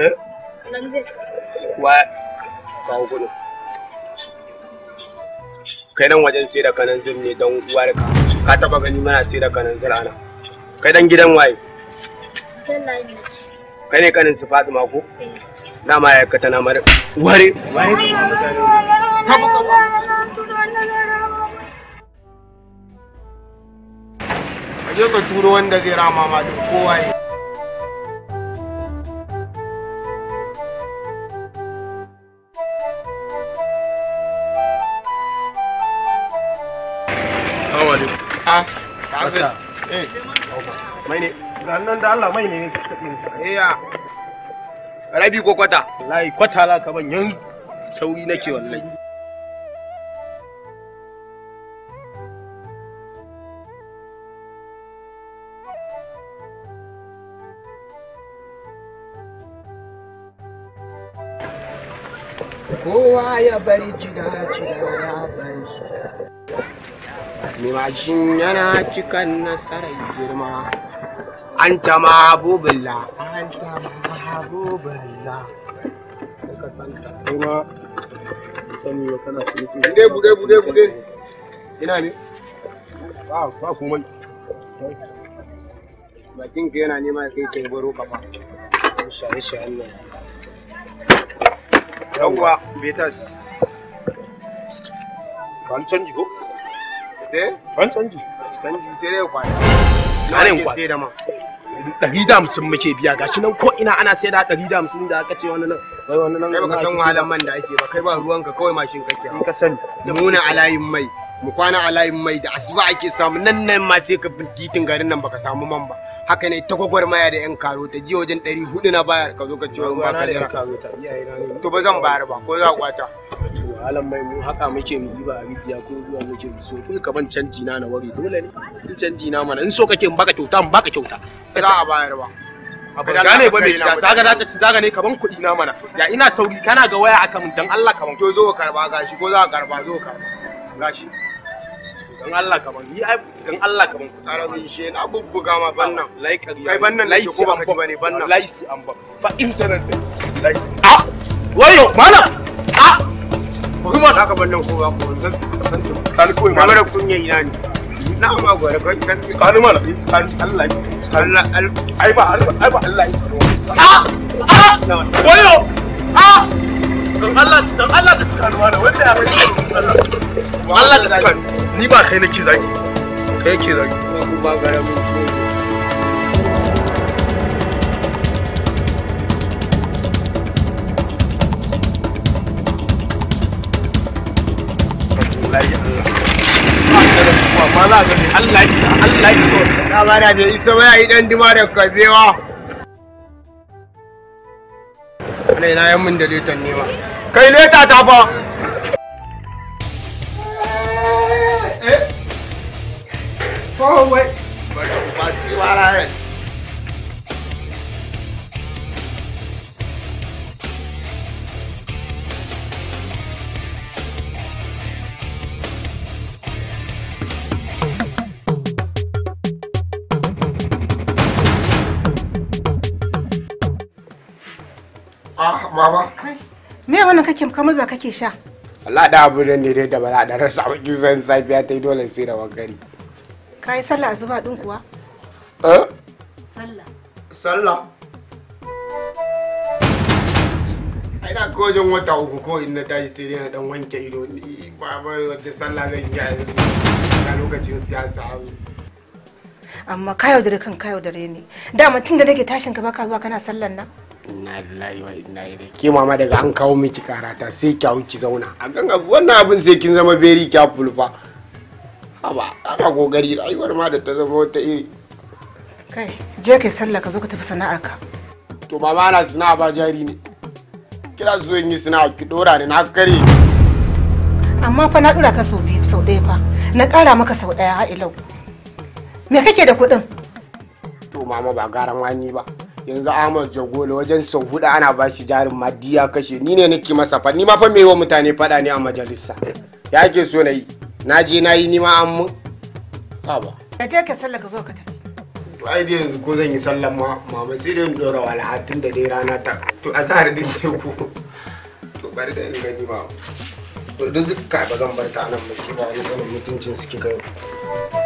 Eh? Kai wajen sai da kanan zir ne don da Ka taba gani mana sai da kanan zir ana. Kai dan gidan waye? Kai ne kanin su Fatima ko? Eh. ma ya ka tana mara ware ware ka kabu. Ka je ka turo wanda zai rama ma duk kowa ne. Haka. Eh. Mai ne. da Allah mai ne Rabi ko kwata? Wallahi kwata la ka ban yanzu. Sauri nake wallahi. Kowa ya bari jiga jiga ya bari shi. Nimashin yana cikin nasarar girma. An ta mahabubulla, an ta mahabubulla. Ka kuma sani wa kana Bude bude bude bude. Ina ne? Ba ba Bakin yana nema kai baro Insha insha Allah. Yawwa, betas. canji ko? eh ban canji sai dai kwana kanin kwana sai da man da hamsin muke biya gashi nan ko ina ana sai da ɗari da hamsin da aka ce wani nan wai wani nan kai baka san wahalar man da ake ba kai ba ruwanka kawai mashin kake in ka sani muna a layin mai mu kwana a layin mai da asuba ake samu nan nan ma sai ka titin garin nan baka samu man ba haka ne ta maya da 'yan karo ta ji wajen ɗari hudu na bayar ka zo ka ciwo ba ka jira to ba zan bayar ba ko za kwata alam mai mu haka muke mu ba a rijiya ko zuwa muke mu so kai ban canji na na wari dole ne in canji na mana in so kake in baka kyauta in baka kyauta ba za a bayar ba abu da ne ba mai gida zaga zaka ci zaga ne kaman kuɗi na mana ya ina sauri kana ga waya akan dan Allah kaman to zo ka karba gashi ko za ka karba zo ka karba gashi dan Allah kaman ni ai dan Allah kaman ku tara min she na bubbuga ma bannan lai kariya kai bannan lai ah! ah! ko ba bane bannan lai si an ba fa internet lai a wayo mana a ku ma ka bannan ko ko zan san ki kan ko ma mara kunya ina ne na ma gore ko kan kan mana eh, kan Allah Allah ai ba ai ba Allah a a ah! wayo a dan Allah dan Allah da kan mana wanda ya Allah Allah da kan ni ba kai nake zagi kai ke zagi ba garamin Allah ya Allah ya isa Allah ya isa ka bara isa ba yayi dan dima da kabewa ne da ne ma kai leta ta fa Eh? Forward. Bari ah, ku mama. Me wannan kake kamar za kake sha? Allah da abu ne dai da ba za a rasa ba kisan safiya ta yi dole sai da wakari. Ka yi sallah asuba din kuwa? Eh? Sallah. Sallah. Ina kojin wata uku ko in na tashi sai na dan wanke ido ni ba ba wata sallah zan yi a yanzu a lokacin siyasa abu. Amma ka yaudare kan ka yaudare ne. Dama tun da nake tashin ka baka zuwa kana sallan nan. inna lillahi wa inna ilaihi ke mama daga an kawo miki karata sai ki wuce zauna a kan wannan abin sai kin zama beri ki fulfa haba ana kokari rayuwar ma da ta zama wata iri kai je kai sallah ka zo ka tafi sana'arka to mama ana sana'a ba jari ne kira zo in yi sana'a ki dora ni na kare amma fa na dora ka sau biyu sau ɗaya fa na ƙara maka sau ɗaya a ilau me kake da kuɗin to mama ba garan wani ba yanzu ahmad jagola wajen sau hudu ana bashi jarin maddi ya kashe ni ne nake masa fa ni ma fa wa mutane fada ne a majalisa ya ke so na yi na je na yi ni ma an mun ba ka je ka sallah ka zo ka tafi to ai dai yanzu ko zan yi sallah ma mama sai dai in dora wala tun da dai rana ta to a zahar din ce ku to bari da ni gani ba to duk ka ba zan bar ta nan ba ki ba mutuncin suke kai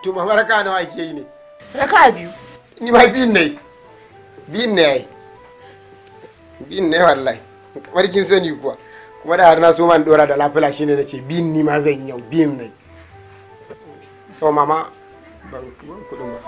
to mama raka nawa ake yi ne raka biyu ni ma biyun ne biyun ne yayi biyun ne wallahi kamar kin sani kuwa kuma da har na man dora da lafila shine nace biyun ni ma zan yau biyun ne mama ban kudin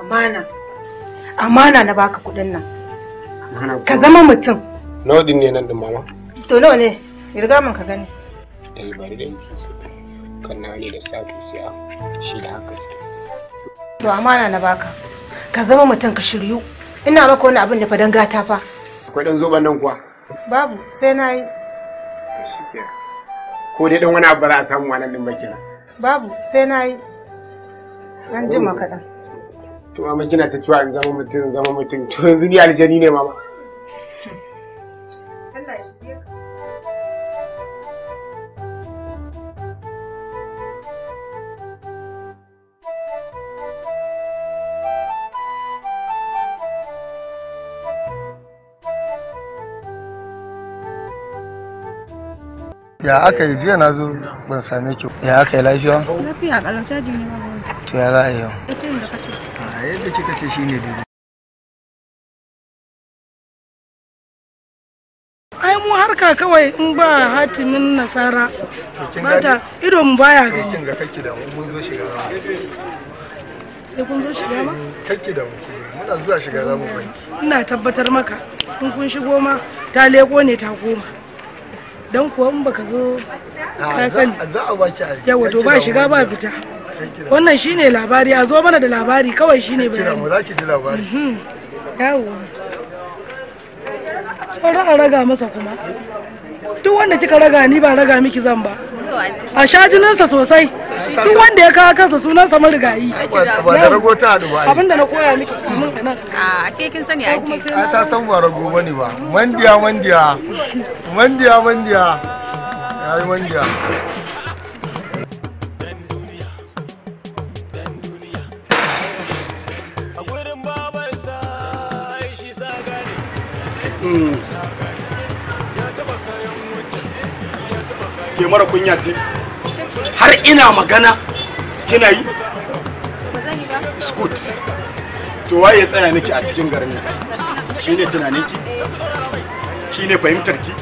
amana amana na baka kudin nan ka zama mutum nawa din ne nan din mama to nawa ne riga mun ka gani eh bari da kan na ne da safi sai a shi da haka suke to amana na baka ka zama mutum ka shiryu ina maka wani abin da fa dan gata fa akwai dan zoban nan kuwa babu sai na yi ko dai dan wani abu ba za a samu wannan din ba kenan Babu sai na yi. An jima oh. kaɗan. To mama kina ta cewa in zama mutum zama mutum to yanzu ni aljani ne mama. Ya aka yi jiya na zo ban same ki. Ya aka yi lafiya? Lafiya ƙalau caji ne ba To ya za a yi yau? da kace. A yadda kika ce shine daidai. Ai mu harka kawai in ba hatimin nasara. Ba ta ido mu baya gani. Kin ga kake da mun zo shiga. Sai kun zo shiga ma? Eh, kake da mu. Muna zuwa shiga za mu bai. Ina tabbatar maka in kun shigo ma ta leko ne ta goma. don kuwa in baka zo ah, ka sani yawa to ba shiga ba fita wannan shine labari a zo mana da labari kawai shine bayani mhm. yawa sauran a raga masa kuma duk wanda kika raga ni ba raga miki zan ba a sha jininsa sosai duk wanda ya kawo kansa sunan sa marigayi ba da rago ta hadu ba abinda na koya miki kamun a nan a ke kin sani a ta san ba rago bane ba mandiya mandiya mandiya mandiya yayi mandiya hmm. ke mara kunya ce ina magana kina yi scoot to waye ya tsaya niki a cikin garin nan shine tunaninki shine fahimtarki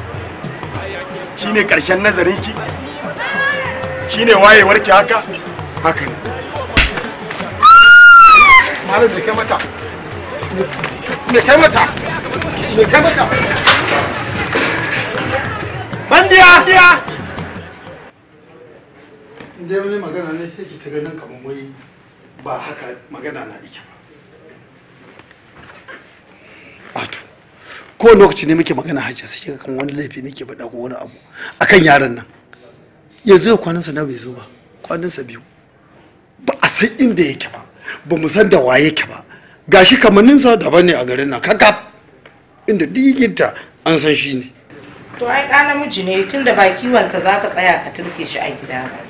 shine karshen nazarinki shine wayewarki haka haka ne malam da kai mata me kai mata me kai mata bandiya in dai wani magana ne sai ta ganin kamar wai ba haka magana na ike ba ko lokaci ne muke magana hajji sai kika kan wani laifi nake faɗa ko wani abu akan yaran nan yanzu ya sa na bai zo ba sa biyu ba a san inda yake ba ba mu san da waye yake ba gashi sa daban ne a garin nan kakaf inda digita an san shi ne to ai ɗa namiji ne tunda da ba kiwonsa za ka tsaya ka turke shi a gida ba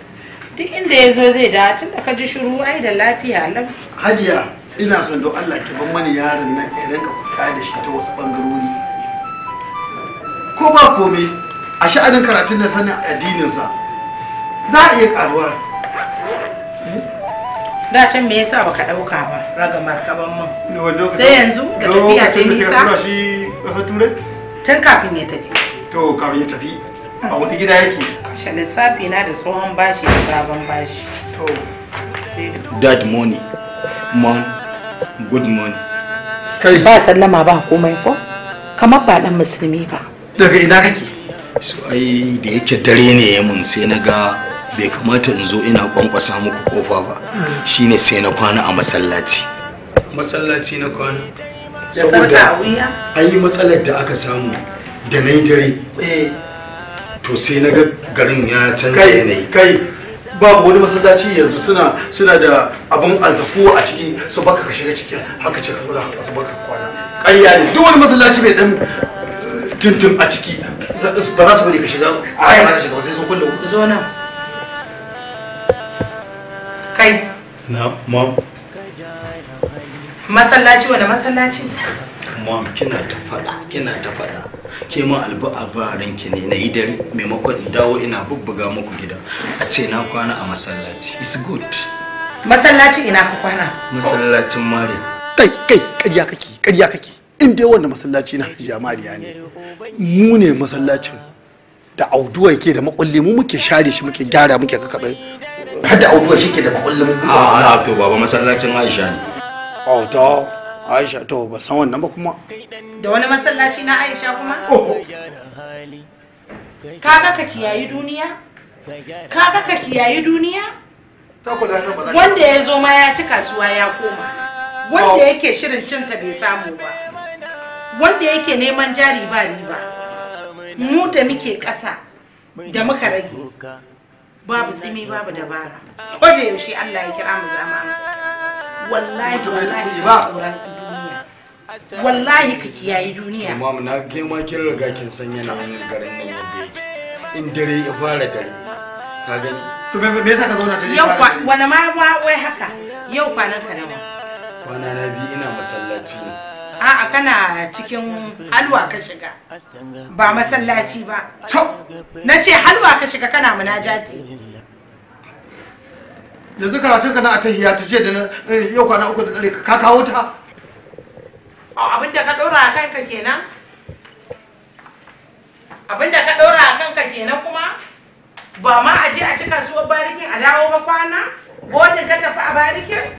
duk inda ya zo zai da tun da ka ji shiru ai da lafiya lam hajiya ina son don allah ki ban mani yaron nan ya rinka kuka da shi ta wasu bangarori ko ba komai a sha'anin karatun da sanin addininsa za a iya karuwa da can me yasa baka dauka ba ragamar markaban mun sai yanzu da tafiya ta nisa tun kafin ya tafi to kafin ya tafi a wata gida yake kashe lissafi na da tsohon bashi da sabon bashi to dad money mom good money kai ba sallama ba komai ko kamar ba dan musulmi ba daga ina kake so ai da yake dare ne mun sai na ga bai kamata in zo ina kwankwasa muku kofa ba shine sai na kwana a masallaci masallaci na kwana saboda ayi matsalar da aka samu da na dare eh to sai na ga garin ya canza yanayi kai babu wani masallaci yanzu suna suna da abin azafu a ciki su baka ka shiga cikin haka ce ka zo haka su baka kwana ƙarya ne duk wani masallaci mai dan eh, tuntun a ciki ba za su bari ka shiga a ba za shiga ba sai sun kulle zo na kai na mom masallaci wani masallaci mom kina ta fada kina ta faɗa ke ma albu abaran ki ne na yi dare maimakon in dawo ina bubbuga muku gida a ce na kwana a masallaci it's good masallacin ina ka kwana masallacin mare kai kai ƙarya kake ƙarya kake in dai wanda masallaci na hajiya mariya ne mu ne masallacin da auduwa yake da makulli mu muke share shi muke gyara muke kakaɓe hadda auduwa shi ke da makulli mu a ah, to baba masallacin aisha ne auto aisha to ba san wannan ba kuma da wani masallaci na aisha kuma kaga ka kiyayi duniya kaga ka kiyayi duniya wanda ya zo ma ya ci kasuwa ya koma wanda yake shirin cinta bai samu ba wanda yake neman jari ba riba mu da muke ƙasa da muka rage babu tsimi babu dabara ko da yaushe Allah ya kira mu za mu amsa wallahi wallahi ba wallahi ka kiyaye duniya amma na kai ma kin riga kin san yana garin nan yadda yake in dare ya fara dare ka gani to me me yasa ka zauna dare yau wani ma wai haka yau kwanan ka nawa kwana na biyu ina masallaci ne a'a kana cikin halwa ka shiga ba masallaci ba na ce halwa ka shiga kana munajati yanzu karatun ka na a tahiya da eh, yau kwana uku da tsare ka kawo ta abin da ka ɗora a kanka kenan abin ka ɗora a kanka kenan kuma ba ma a je a ci kasuwar barikin a dawo ba kwana godin ka tafi a barikin